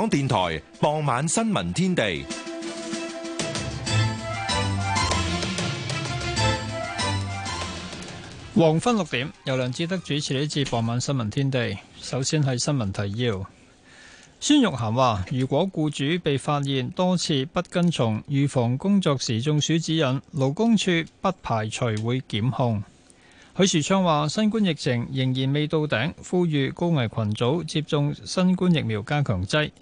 香港電台傍晚新聞天地，黃昏六點由梁志德主持呢次傍晚新聞天地。首先係新聞提要。孫玉涵話：如果僱主被發現多次不跟從預防工作時中暑指引，勞工處不排除會檢控。許樹昌話：新冠疫情仍然未到頂，呼籲高危群組接種新冠疫苗加強劑。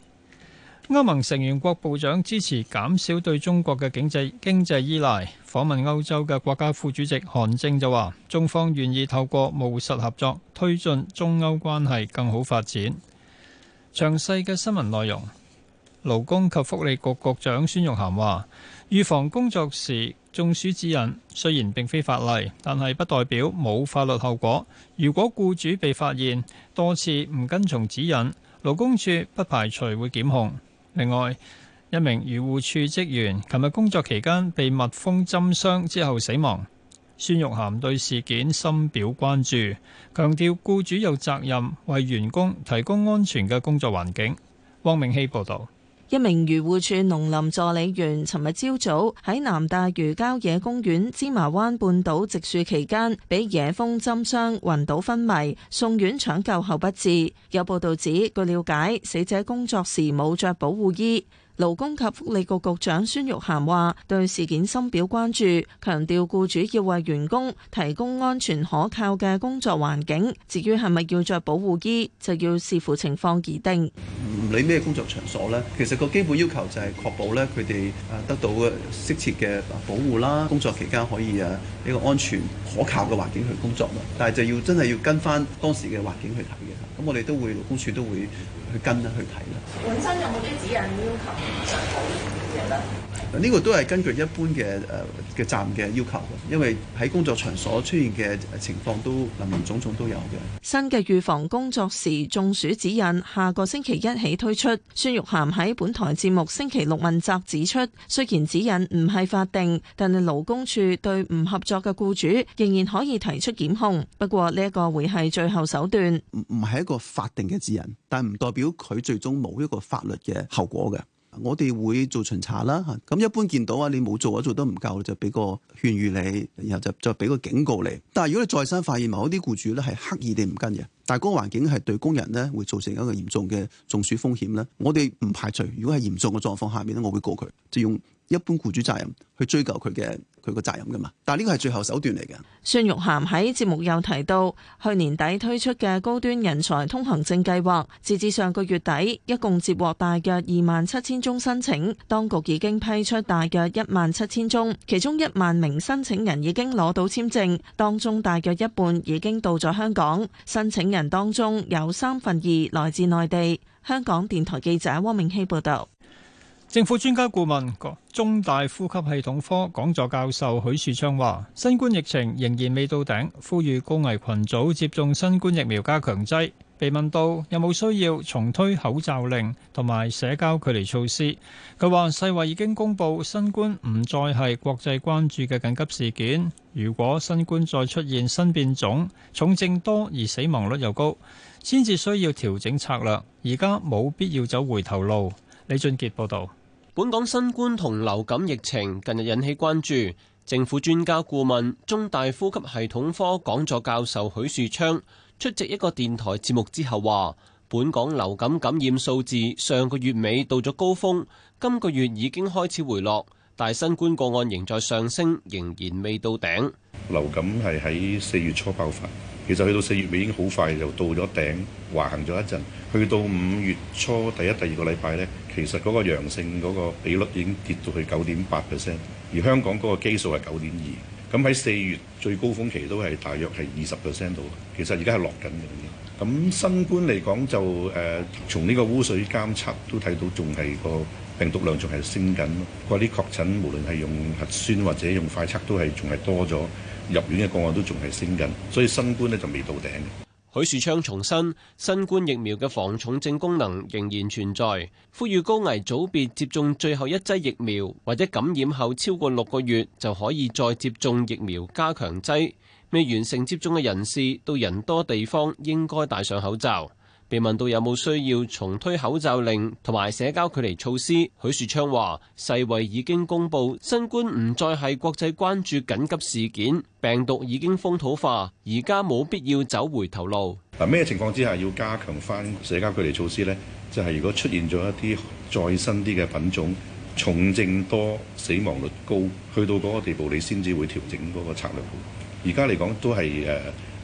歐盟成員國部長支持減少對中國嘅經濟經濟依賴。訪問歐洲嘅國家副主席韓正就話，中方願意透過務實合作，推進中歐關係更好發展。詳細嘅新聞內容，勞工及福利局局長孫玉涵話，預防工作時中暑指引雖然並非法例，但係不代表冇法律後果。如果僱主被發現多次唔跟從指引，勞工處不排除會檢控。另外，一名漁護署職員琴日工作期間被蜜蜂針傷之後死亡。孫玉菡對事件深表關注，強調僱主有責任為員工提供安全嘅工作環境。汪明希報道。一名漁護署農林助理員，尋日朝早喺南大嶼郊野公園芝麻灣半島植樹期間，俾野蜂針傷，暈倒昏迷，送院搶救後不治。有報道指，據了解，死者工作時冇着保護衣。勞工及福利局局長孫玉菡話，對事件深表關注，強調僱主要為員工提供安全可靠嘅工作環境。至於係咪要着保護衣，就要視乎情況而定。唔理咩工作場所咧，其實個基本要求就係確保咧佢哋，誒得到適切嘅保護啦。工作期間可以誒呢個安全可靠嘅環境去工作啦。但係就要真係要跟翻當時嘅環境去睇嘅。咁我哋都會勞工處都會。去跟啦，去睇啦。本身有冇啲指引要求其實好。呢個都係根據一般嘅，誒嘅，站嘅要求，因為喺工作場所出現嘅情況都林林種種都有嘅。新嘅預防工作時中暑指引下個星期一起推出。孫玉菡喺本台節目星期六問責指出，雖然指引唔係法定，但係勞工處對唔合作嘅僱主仍然可以提出檢控。不過呢一個會係最後手段，唔係一個法定嘅指引，但唔代表佢最終冇一個法律嘅後果嘅。我哋會做巡查啦，咁一般見到啊，你冇做啊，做得唔夠就俾個勸喻你，然後就再俾個警告你。但係如果你再三發現某啲僱主咧係刻意地唔跟嘅，但係嗰個環境係對工人咧會造成一個嚴重嘅中暑風險咧，我哋唔排除，如果係嚴重嘅狀況下面咧，我會告佢，即、就是、用。一般雇主責任去追究佢嘅佢個責任㗎嘛？但係呢個係最後手段嚟嘅。孫玉涵喺節目又提到，去年底推出嘅高端人才通行證計劃，截至上個月底，一共接獲大約二萬七千宗申請，當局已經批出大約一萬七千宗，其中一萬名申請人已經攞到簽證，當中大約一半已經到咗香港。申請人當中有三分二來自內地。香港電台記者汪明希報導。政府專家顧問、中大呼吸系統科講座教授許樹昌話：新冠疫情仍然未到頂，呼籲高危群組接種新冠疫苗加強劑。被問到有冇需要重推口罩令同埋社交距離措施，佢話世衞已經公佈新冠唔再係國際關注嘅緊急事件。如果新冠再出現新變種，重症多而死亡率又高，先至需要調整策略。而家冇必要走回頭路。李俊傑報道。本港新冠同流感疫情近日引起關注，政府專家顧問中大呼吸系統科講座教授許樹昌出席一個電台節目之後話，本港流感感染數字上個月尾到咗高峰，今個月已經開始回落。但新冠個案仍在上升，仍然未到頂。流感係喺四月初爆發，其實去到四月尾已經好快就到咗頂，橫行咗一陣。去到五月初第一、第二個禮拜呢，其實嗰個陽性嗰個比率已經跌到去九點八 percent，而香港嗰個基數係九點二。咁喺四月最高峰期都係大約係二十 percent 度，其實而家係落緊嘅。咁、嗯、新冠嚟講，就、呃、誒，從呢個污水監測都睇到，仲係個病毒量仲係升緊。嗰啲確診無論係用核酸或者用快測都係仲係多咗，入院嘅個案都仲係升緊，所以新冠咧就未到頂。許樹昌重申，新冠疫苗嘅防重症功能仍然存在，呼籲高危組別接種最後一劑疫苗，或者感染後超過六個月就可以再接種疫苗加強劑。未完成接種嘅人士到人多地方應該戴上口罩。被問到有冇需要重推口罩令同埋社交距離措施，許樹昌話世衛已經公布新冠唔再係國際關注緊急事件，病毒已經風土化，而家冇必要走回頭路。嗱，咩情況之下要加強翻社交距離措施呢？就係、是、如果出現咗一啲再新啲嘅品種重症多、死亡率高，去到嗰個地步，你先至會調整嗰個策略。而家嚟講都係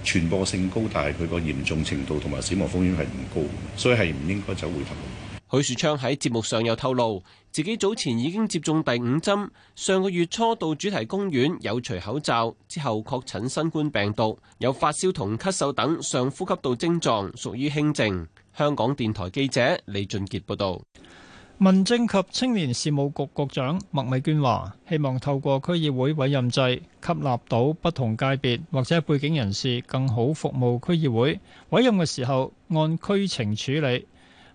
誒傳播性高，但係佢個嚴重程度同埋死亡風險係唔高，所以係唔應該走回頭路。許樹昌喺節目上又透露，自己早前已經接種第五針，上個月初到主題公園有除口罩，之後確診新冠病毒，有發燒同咳嗽等上呼吸道症狀，屬於輕症。香港電台記者李俊傑報道。民政及青年事務局局長麥美娟話：希望透過區議會委任制吸納到不同界別或者背景人士，更好服務區議會。委任嘅時候按區情處理。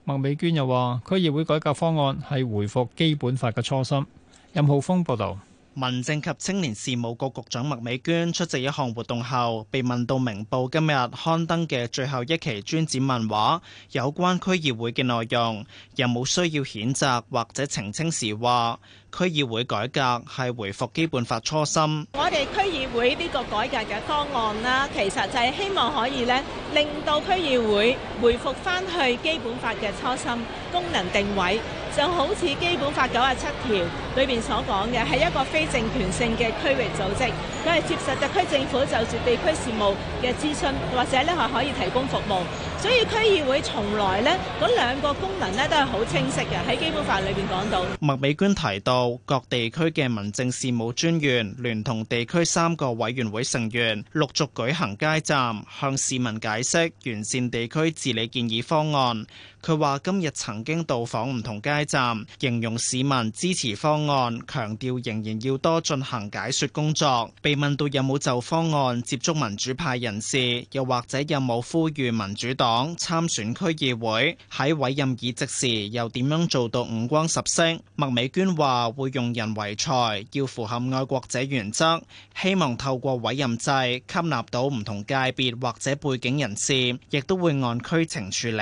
麥美娟又話：區議會改革方案係回復基本法嘅初心。任浩峰報道。民政及青年事務局局長麥美娟出席一項活動後，被問到《明報》今日刊登嘅最後一期尊子漫畫有關區議會嘅內容有冇需要譴責或者澄清時，話區議會改革係回復基本法初心。我哋區議會呢個改革嘅方案啦，其實就係希望可以咧令到區議會回復翻去基本法嘅初心功能定位。就好似基本法九十七條裏邊所講嘅，係一個非政權性嘅區域組織，佢係接受特區政府就住地區事務嘅諮詢，或者咧係可以提供服務，所以區議會從來咧，嗰兩個功能咧都係好清晰嘅，喺基本法裏邊講到。麥美娟提到，各地區嘅民政事務專員聯同地區三個委員會成員陸續舉行街站，向市民解釋完善地區治理建議方案。佢話今日曾經到訪唔同街。站形容市民支持方案，強調仍然要多進行解說工作。被問到有冇就方案接觸民主派人士，又或者有冇呼籲民主黨參選區議會？喺委任議席時又點樣做到五光十色？麥美娟話會用人唯才，要符合愛國者原則，希望透過委任制吸納到唔同界別或者背景人士，亦都會按區情處理。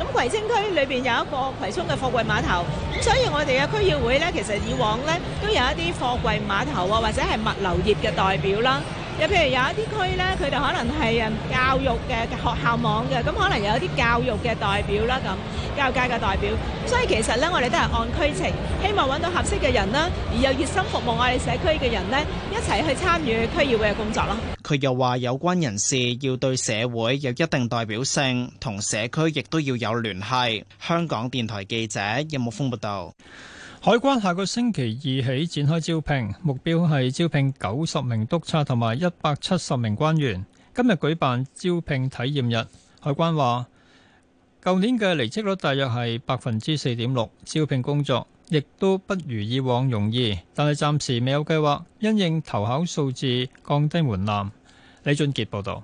咁葵青區裏邊有一個葵涌嘅貨櫃碼頭。咁所以我哋嘅區議會咧，其實以往咧，都有一啲貨櫃碼頭啊，或者係物流業嘅代表啦。有譬如有一啲區咧，佢哋可能係誒教育嘅學校網嘅，咁可能有一啲教育嘅代表啦，咁教育界嘅代表。所以其實咧，我哋都係按區情，希望搵到合適嘅人啦，而又熱心服務我哋社區嘅人咧，一齊去參與區議會嘅工作咯。佢又話，有關人士要對社會有一定代表性，同社區亦都要有聯繫。香港電台記者任木峰報道。海關下個星期二起展開招聘，目標係招聘九十名督察同埋一百七十名官員。今日舉辦招聘體驗日，海關話：舊年嘅離職率大約係百分之四點六，招聘工作亦都不如以往容易。但係暫時未有計劃因應投考數字降低門檻。李俊傑報道。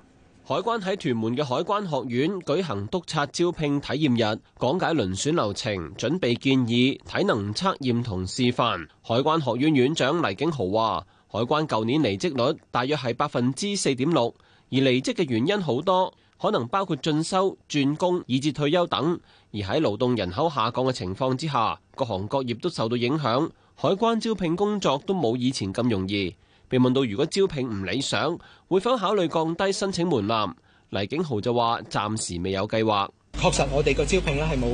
海關喺屯門嘅海關學院舉行督察招聘體驗日，講解輪選流程、準備建議、體能測驗同示範。海關學院院長黎景豪話，海關舊年離職率大約係百分之四點六，而離職嘅原因好多，可能包括進修、轉工以至退休等。而喺勞動人口下降嘅情況之下，各行各業都受到影響，海關招聘工作都冇以前咁容易。被問到如果招聘唔理想，會否考慮降低申請門檻？黎景豪就話：暫時未有計劃。確實，我哋個招聘咧係冇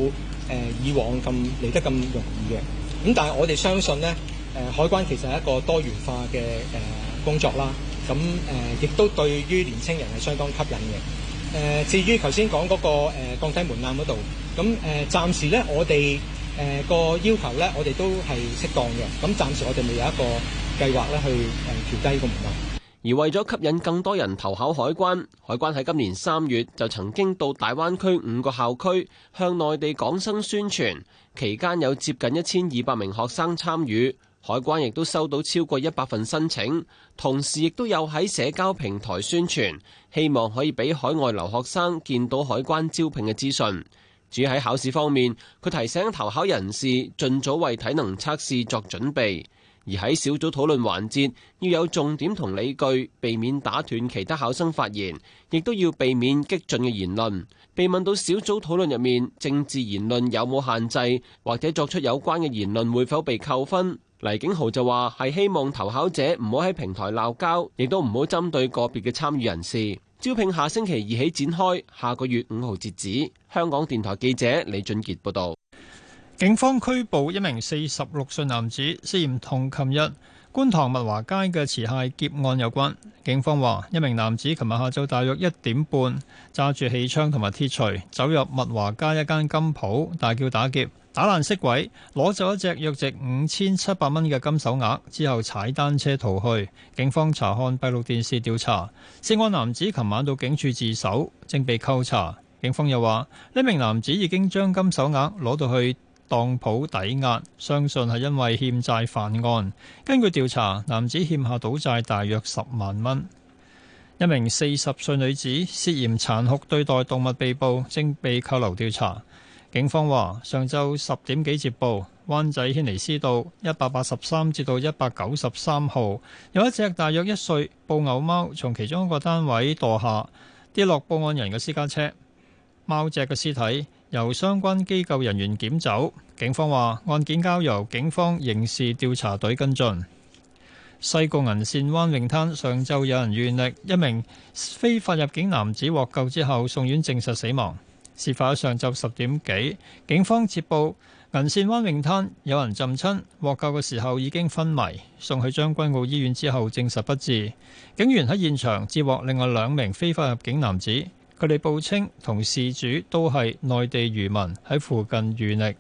誒以往咁嚟得咁容易嘅。咁但係我哋相信咧，誒海關其實係一個多元化嘅誒工作啦。咁誒亦都對於年青人係相當吸引嘅。誒至於頭先講嗰個誒降低門檻嗰度，咁誒暫時咧我哋。誒個要求呢，我哋都係適當嘅。咁暫時我哋未有一個計劃咧，去誒調低個門檻。而為咗吸引更多人投考海關，海關喺今年三月就曾經到大灣區五個校區向內地港生宣傳，期間有接近一千二百名學生參與。海關亦都收到超過一百份申請，同時亦都有喺社交平台宣傳，希望可以俾海外留學生見到海關招聘嘅資訊。主要喺考試方面，佢提醒投考人士盡早為體能測試作準備，而喺小組討論環節要有重點同理據，避免打斷其他考生發言，亦都要避免激進嘅言論。被問到小組討論入面政治言論有冇限制，或者作出有關嘅言論會否被扣分，黎景豪就話：係希望投考者唔好喺平台鬧交，亦都唔好針對個別嘅參與人士。招聘下星期二起展開，下個月五號截止。香港電台記者李俊傑報道。警方拘捕一名四十六歲男子，涉嫌同琴日觀塘物華街嘅持械劫案有關。警方話，一名男子琴日下晝大約一點半，揸住氣槍同埋鐵錘走入物華街一間金鋪，大叫打劫。打爛色鬼攞走一隻約值五千七百蚊嘅金手鐲，之後踩單車逃去。警方查看閉路電視調查，涉案男子琴晚到警署自首，正被扣查。警方又話：呢名男子已經將金手鐲攞到去當鋪抵押，相信係因為欠債犯案。根據調查，男子欠下賭債大約十萬蚊。一名四十歲女子涉嫌殘酷對待動物被捕，正被扣留調查。警方話：上晝十點幾接報，灣仔軒尼詩道一百八十三至到一百九十三號有一隻大約一歲布偶貓，從其中一個單位墮下，跌落報案人嘅私家車。貓隻嘅屍體由相關機構人員檢走。警方話案件交由警方刑事調查隊跟進。西貢銀線灣泳灘上晝有人遇溺，一名非法入境男子獲救之後送院，證實死亡。事發上晝十點幾，警方接報銀線灣泳灘有人浸親，獲救嘅時候已經昏迷，送去將軍澳醫院之後證實不治。警員喺現場接獲另外兩名非法入境男子，佢哋報稱同事主都係內地漁民喺附近遇溺。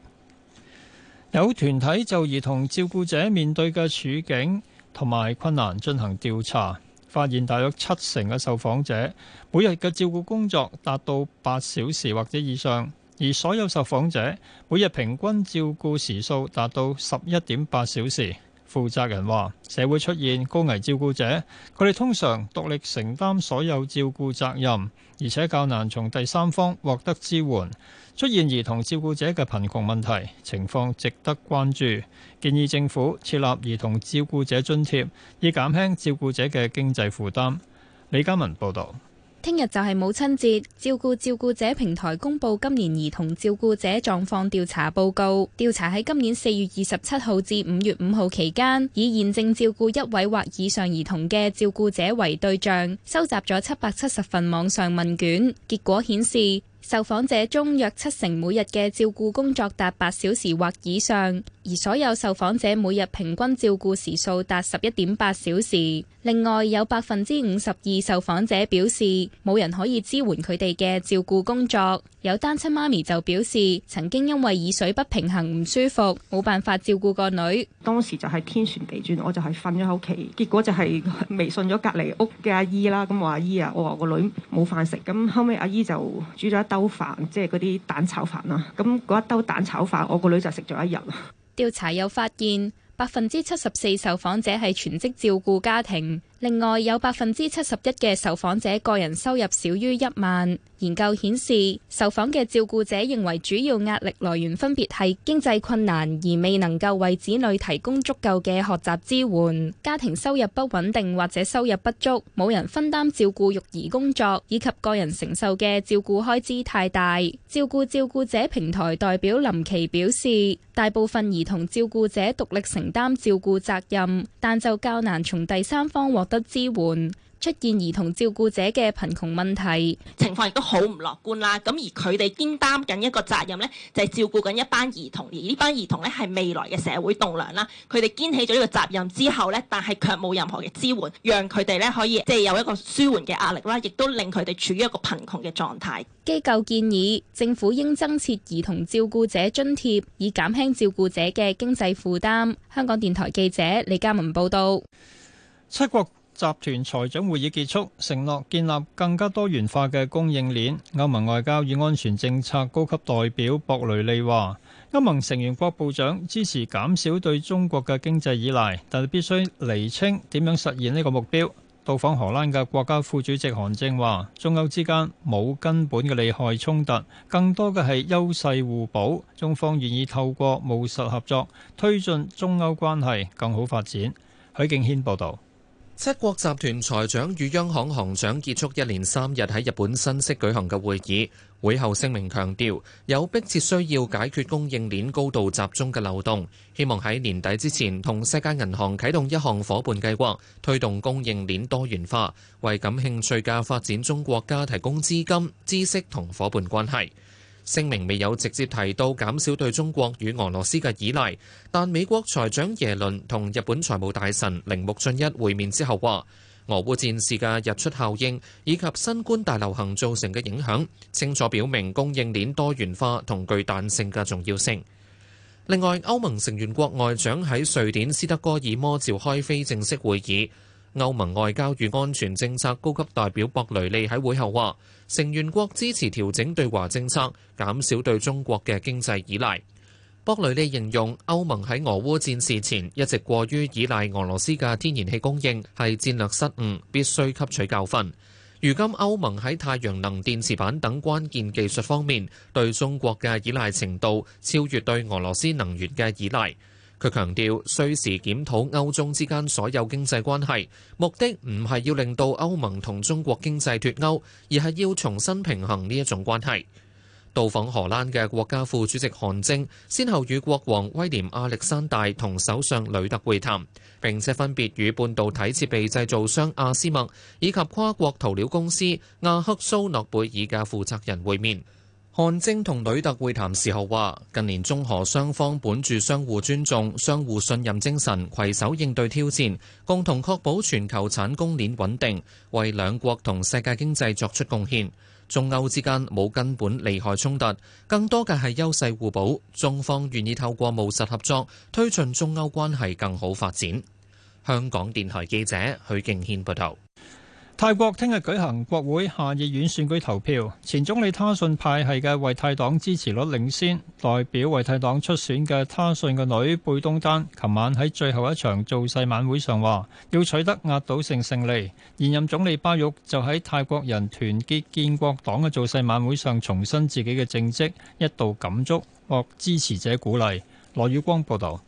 有團體就兒童照顧者面對嘅處境同埋困難進行調查。發現大約七成嘅受訪者每日嘅照顧工作達到八小時或者以上，而所有受訪者每日平均照顧時數達到十一點八小時。負責人話：社會出現高危照顧者，佢哋通常獨力承擔所有照顧責任，而且較難從第三方獲得支援。出現兒童照顧者嘅貧窮問題，情況值得關注。建議政府設立兒童照顧者津貼，以減輕照顧者嘅經濟負擔。李嘉文報導。聽日就係母親節，照顧照顧者平台公佈今年兒童照顧者狀況調查報告。調查喺今年四月二十七號至五月五號期間，以現正照顧一位或以上兒童嘅照顧者為對象，收集咗七百七十份網上問卷。結果顯示，受訪者中約七成每日嘅照顧工作達八小時或以上。而所有受訪者每日平均照顧時數達十一點八小時。另外，有百分之五十二受訪者表示冇人可以支援佢哋嘅照顧工作。有單親媽咪就表示，曾經因為耳水不平衡唔舒服，冇辦法照顧個女。當時就係天旋地轉，我就係瞓咗喺屋企，結果就係微信咗隔離屋嘅阿姨啦。咁我阿姨啊，我話個女冇飯食，咁後尾阿姨就煮咗一兜飯，即係嗰啲蛋炒飯啦。咁嗰一兜蛋炒飯，我個女就食咗一日。調查又發現，百分之七十四受訪者係全職照顧家庭，另外有百分之七十一嘅受訪者個人收入少於一萬。研究顯示，受訪嘅照顧者認為主要壓力來源分別係經濟困難，而未能夠為子女提供足夠嘅學習支援；家庭收入不穩定或者收入不足，冇人分擔照顧育兒工作，以及個人承受嘅照顧開支太大。照顧照顧者平台代表林奇表示，大部分兒童照顧者獨立承擔照顧責任，但就較難從第三方獲得支援。出現兒童照顧者嘅貧窮問題，情況亦都好唔樂觀啦。咁而佢哋肩擔緊一個責任呢，就係照顧緊一班兒童，而呢班兒童呢，係未來嘅社會棟樑啦。佢哋肩起咗呢個責任之後呢，但係卻冇任何嘅支援，讓佢哋呢可以即係有一個舒緩嘅壓力啦，亦都令佢哋處於一個貧窮嘅狀態。機構建議政府應增設兒童照顧者津貼，以減輕照顧者嘅經濟負擔。香港電台記者李嘉文報道，七國。集團財長會議結束，承諾建立更加多元化嘅供應鏈。歐盟外交與安全政策高級代表博雷利話：歐盟成員國部長支持減少對中國嘅經濟依賴，但必須釐清點樣實現呢個目標。到訪荷蘭嘅國家副主席韓正話：中歐之間冇根本嘅利害衝突，更多嘅係優勢互補。中方願意透過務實合作，推進中歐關係更好發展。許敬軒報導。七國集團財長與央行行長結束一連三日喺日本新潟舉行嘅會議，會後聲明強調有迫切需要解決供應鏈高度集中嘅漏洞，希望喺年底之前同世界銀行啟動一項伙伴計劃，推動供應鏈多元化，為感興趣嘅發展中國家提供資金、知識同伙伴關係。聲明未有直接提到減少對中國與俄羅斯嘅依賴，但美國財長耶倫同日本財務大臣鈴木俊一會面之後話，俄烏戰事嘅日出效應以及新冠大流行造成嘅影響，清楚表明供應鏈多元化同具彈性嘅重要性。另外，歐盟成員國外長喺瑞典斯德哥爾摩召開非正式會議。歐盟外交與安全政策高級代表博雷利喺會後話：成員國支持調整對華政策，減少對中國嘅經濟依賴。博雷利形容歐盟喺俄烏戰事前一直過於依賴俄羅斯嘅天然氣供應，係戰略失誤，必須吸取教訓。如今歐盟喺太陽能電池板等關鍵技術方面，對中國嘅依賴程度超越對俄羅斯能源嘅依賴。佢強調，需時檢討歐中之間所有經濟關係，目的唔係要令到歐盟同中國經濟脫鈎，而係要重新平衡呢一種關係。到訪荷蘭嘅國家副主席韓正，先後與國王威廉亞歷山大同首相呂特會談，並且分別與半導體設備製造商阿斯麥以及跨國塗料公司亞克蘇諾貝爾嘅負責人會面。韓正同呂特會談時候話：近年中荷雙方本住相互尊重、相互信任精神，攜手應對挑戰，共同確保全球產供鏈穩定，為兩國同世界經濟作出貢獻。中歐之間冇根本利害衝突，更多嘅係優勢互補。中方願意透過務實合作，推進中歐關係更好發展。香港電台記者許敬軒報道。泰國聽日舉行國會下議院選舉投票，前總理他信派系嘅為泰黨支持率領先，代表為泰黨出選嘅他信嘅女貝東丹，琴晚喺最後一場造勢晚會上話要取得壓倒性勝利。現任總理巴育就喺泰國人團結建國黨嘅造勢晚會上重申自己嘅政績，一度感觸獲支持者鼓勵。羅宇光報道。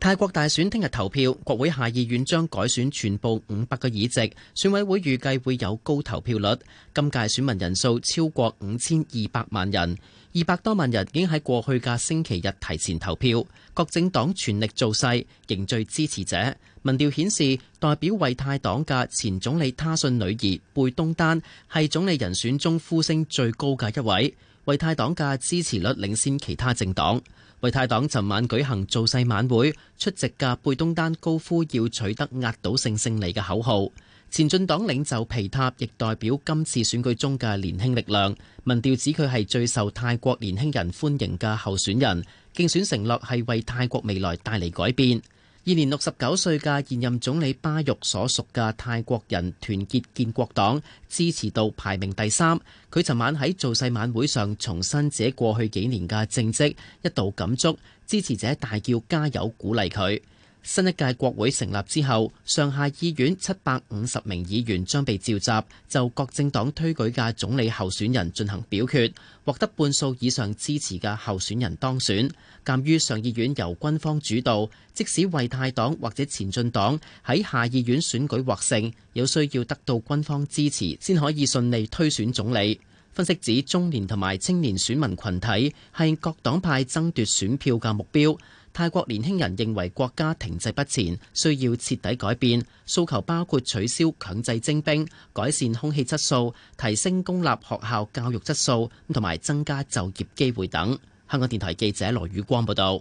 泰國大選聽日投票，國會下議院將改選全部五百個議席，選委會預計會有高投票率。今屆選民人數超過五千二百萬人，二百多萬人已經喺過去嘅星期日提前投票。各政黨全力造勢，凝聚支持者。民調顯示，代表為泰黨嘅前總理他信女兒貝東丹係總理人選中呼聲最高嘅一位。為泰黨嘅支持率領先其他政黨。為泰黨尋晚舉行造勢晚會，出席嘅貝東丹高呼要取得壓倒性勝利嘅口號。前進黨領袖皮塔亦代表今次選舉中嘅年輕力量，民調指佢係最受泰國年輕人歡迎嘅候選人，競選承諾係為泰國未來帶嚟改變。現年六十九歲嘅現任總理巴育所屬嘅泰國人團結建國黨支持度排名第三。佢尋晚喺造勢晚會上重申自己過去幾年嘅政績，一度感觸支持者大叫加油鼓勵，鼓勵佢。新一屆國會成立之後，上下議院七百五十名議員將被召集，就各政黨推舉嘅總理候選人進行表決，獲得半數以上支持嘅候選人當選。鑒於上議院由軍方主導，即使為泰黨或者前進黨喺下議院選舉獲勝，有需要得到軍方支持先可以順利推選總理。分析指中年同埋青年選民群體係各黨派爭奪選票嘅目標。泰國年輕人認為國家停滯不前，需要徹底改變，訴求包括取消強制徵兵、改善空氣質素、提升公立學校教育質素，同埋增加就業機會等。香港電台記者羅宇光報道。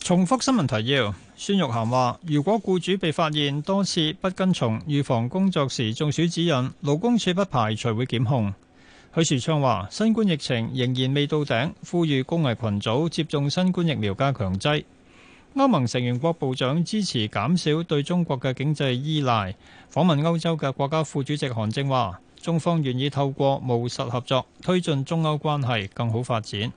重複新聞提要：孫玉涵話，如果僱主被發現多次不跟從預防工作時中暑指引，勞工處不排除才會檢控。許樹昌話，新冠疫情仍然未到頂，呼籲高危群組接種新冠疫苗加強劑。歐盟成員國部長支持減少對中國嘅經濟依賴。訪問歐洲嘅國家副主席韓正話，中方願意透過務實合作，推進中歐關係更好發展。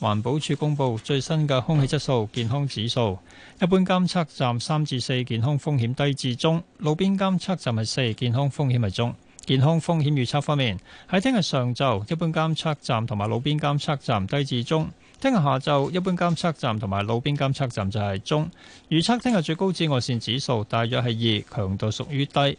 環保署公布最新嘅空氣質素健康指數，一般監測站三至四健康風險低至中，路邊監測站係四健康風險係中。健康風險預測方面，喺聽日上晝一般監測站同埋路邊監測站低至中；聽日下晝一般監測站同埋路邊監測站就係中。預測聽日最高紫外線指數大約係二，強度屬於低。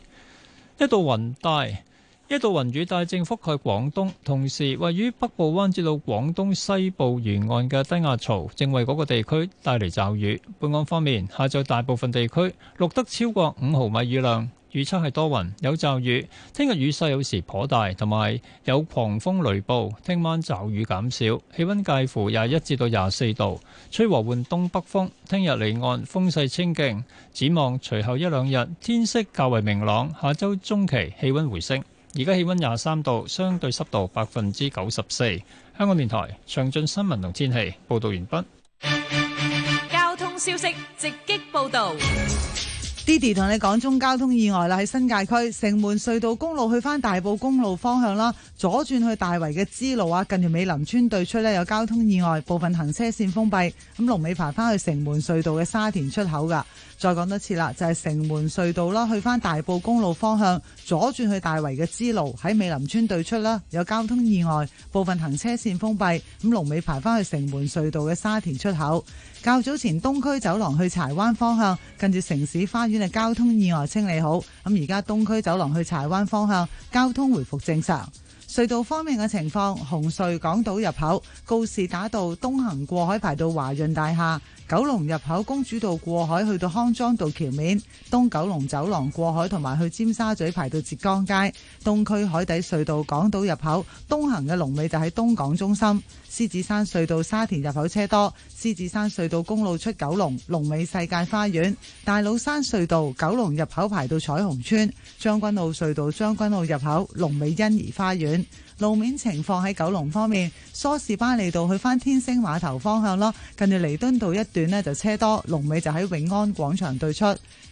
一道雲帶、一道雲雨帶正覆蓋廣東，同時位於北部灣至到廣東西部沿岸嘅低壓槽正為嗰個地區帶嚟驟雨。本港方面，下晝大部分地區錄得超過五毫米雨量。預測係多雲，有驟雨。聽日雨勢有時頗大，同埋有，有狂風雷暴。聽晚驟雨減少，氣溫介乎廿一至到廿四度，吹和緩東北風。聽日離岸風勢清勁。展望隨後一兩日，天色較為明朗。下周中期氣溫回升。而家氣溫廿三度，相對濕度百分之九十四。香港電台詳盡新聞同天氣報道完畢。交通消息直擊報道。Didi 同你講中交通意外啦，喺新界區城門隧道公路去翻大埔公路方向啦，左轉去大圍嘅支路啊，近條美林村對出呢，有交通意外，部分行車線封閉，咁龍尾排翻去城門隧道嘅沙田出口噶。再講多次啦，就係城門隧道啦，去返大埔公路方向左轉去大圍嘅支路，喺美林村對出啦，有交通意外，部分行車線封閉。咁龍尾排返去城門隧道嘅沙田出口。較早前東區走廊去柴灣方向，近住城市花園嘅交通意外清理好。咁而家東區走廊去柴灣方向交通回復正常。隧道方面嘅情況，紅隧港島入口告士打道東行過海排到華潤大廈。九龍入口公主道過海去到康莊道橋面，東九龍走廊過海同埋去尖沙咀排到浙江街，東區海底隧道港島入口，東行嘅龍尾就喺東港中心，獅子山隧道沙田入口車多，獅子山隧道公路出九龍龍尾，世界花園，大老山隧道九龍入口排到彩虹村，將軍澳隧道將軍澳入口龍尾欣怡花園。路面情況喺九龍方面，梳士巴利道去翻天星碼頭方向咯，近住彌敦道一段呢，就車多，龍尾就喺永安廣場對出。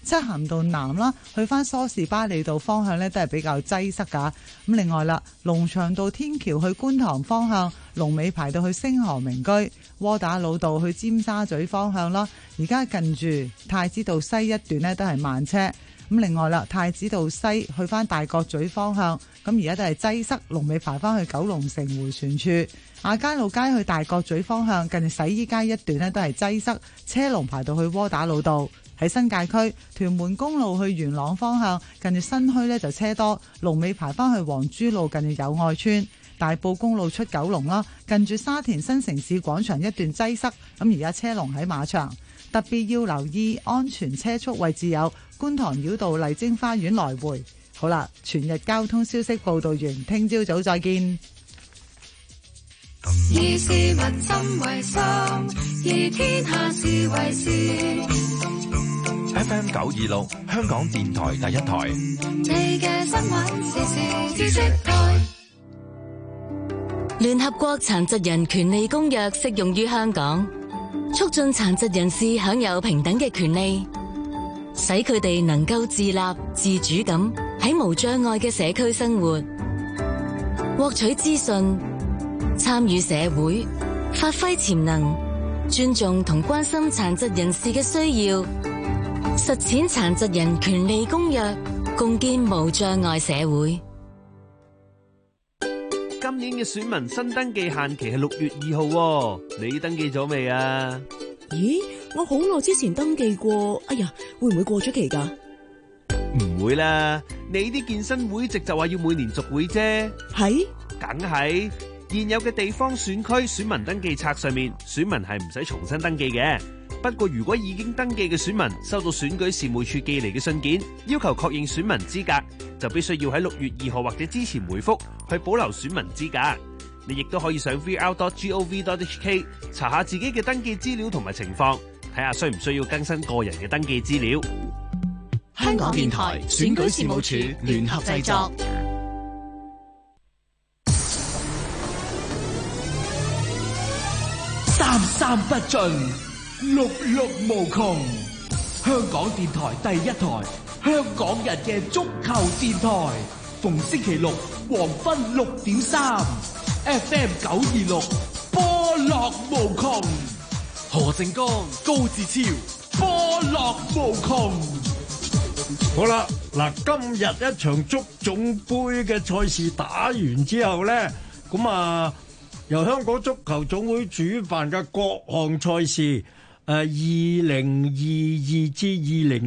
漆咸道南啦，去翻梳士巴利道方向呢，都係比較擠塞噶。咁另外啦，龍翔道天橋去觀塘方向，龍尾排到去星河名居。窩打老道去尖沙咀方向咯，而家近住太子道西一段呢，都係慢車。咁另外啦，太子道西去翻大角咀方向。咁而家都係擠塞，龍尾排翻去九龍城迴旋處，亞皆老街去大角咀方向，近住洗衣街一段咧都係擠塞，車龍排到去窩打老道。喺新界區，屯門公路去元朗方向，近住新墟呢就車多，龍尾排翻去黃珠路近住友愛村，大埔公路出九龍啦，近住沙田新城市廣場一段擠塞，咁而家車龍喺馬場，特別要留意安全車速位置有觀塘繞道麗晶花園來回。好啦，全日交通消息報道完，聽朝早再見。以市民心為心，以天下事為事。FM 九二六，香港電台第一台。你嘅新聞時事知識台。聯合國殘疾人權利公約適用於香港，促進殘疾人士享有平等嘅權利，使佢哋能夠自立自主咁。喺無障礙嘅社區生活，獲取資訊，參與社會，發揮潛能，尊重同關心殘疾人士嘅需要，實踐殘疾人權利公約，共建無障礙社會。今年嘅選民新登記限期係六月二號，你登記咗未啊？咦，我好耐之前登記過，哎呀，會唔會過咗期噶？唔會啦，你啲健身會籍就話要每年續會啫。係是，梗係現有嘅地方選區選民登記冊上面，選民係唔使重新登記嘅。不過如果已經登記嘅選民收到選舉事務處寄嚟嘅信件，要求確認選民資格，就必須要喺六月二號或者之前回覆去保留選民資格。你亦都可以上 vr.gov.hk 查下自己嘅登記資料同埋情況，睇下需唔需要更新個人嘅登記資料。香港電台選舉事務處聯合製作，三三不盡，六六無窮。香港電台第一台，香港人嘅足球電台，逢星期六黃昏六點三，FM 九二六，波樂無窮。何靜江、高志超，波樂無窮。好啦，嗱，今日一場足總杯嘅賽事打完之後咧，咁啊由香港足球總會主辦嘅各項賽事，誒、呃，二零二二至二零。